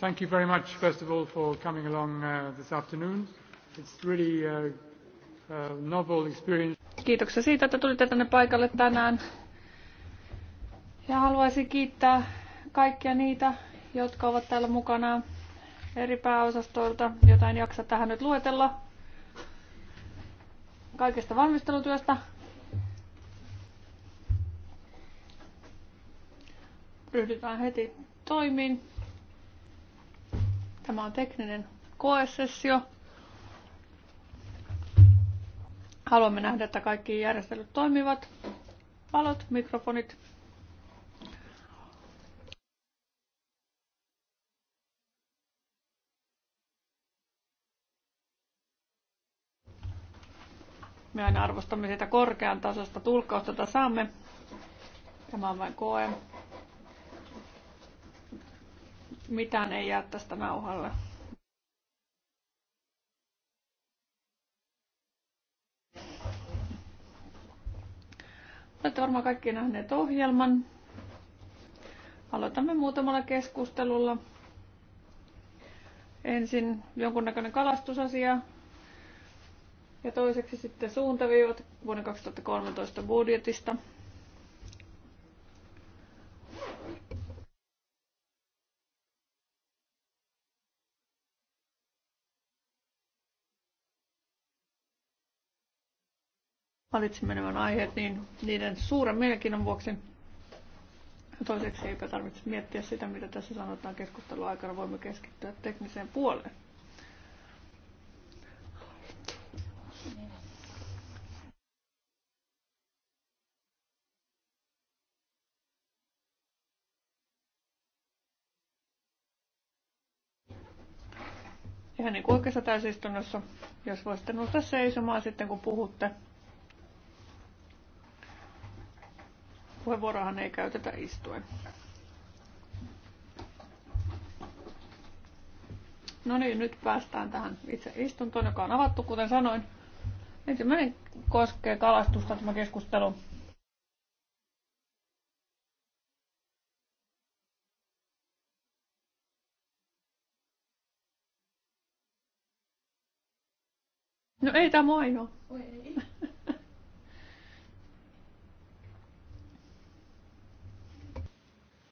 thank you very much, first of all, for coming along uh, this afternoon. It's really a, uh, a novel experience. Kiitoksia siitä, että tulitte tänne paikalle tänään. Ja haluaisin kiittää kaikkia niitä, jotka ovat täällä mukana eri pääosastoilta, jota en jaksa tähän nyt luetella. Kaikesta valmistelutyöstä. Ryhdytään heti toimiin. Tämä on tekninen koesessio. Haluamme nähdä, että kaikki järjestelyt toimivat. Valot, mikrofonit. Me aina arvostamme sitä korkean tasosta tulkkausta, jota saamme. Tämä on vain koe. Mitään ei jää tästä nauhalle. Olette varmaan kaikki nähneet ohjelman. Aloitamme muutamalla keskustelulla. Ensin jonkunnäköinen kalastusasia ja toiseksi sitten suuntaviivat vuoden 2013 budjetista. valitsimme nämä aiheet niin niiden suuren mielenkiinnon vuoksi. Toiseksi eipä tarvitse miettiä sitä, mitä tässä sanotaan keskustelun aikana. Voimme keskittyä tekniseen puoleen. ihan niin kuin oikeassa täysistunnossa, jos voisitte nousta seisomaan sitten kun puhutte. Puheenvuorohan ei käytetä istuen. No niin, nyt päästään tähän itse istuntoon, joka on avattu, kuten sanoin. Ensimmäinen koskee kalastusta tämä keskustelu. No ei tämä ainoa. Oi, ei.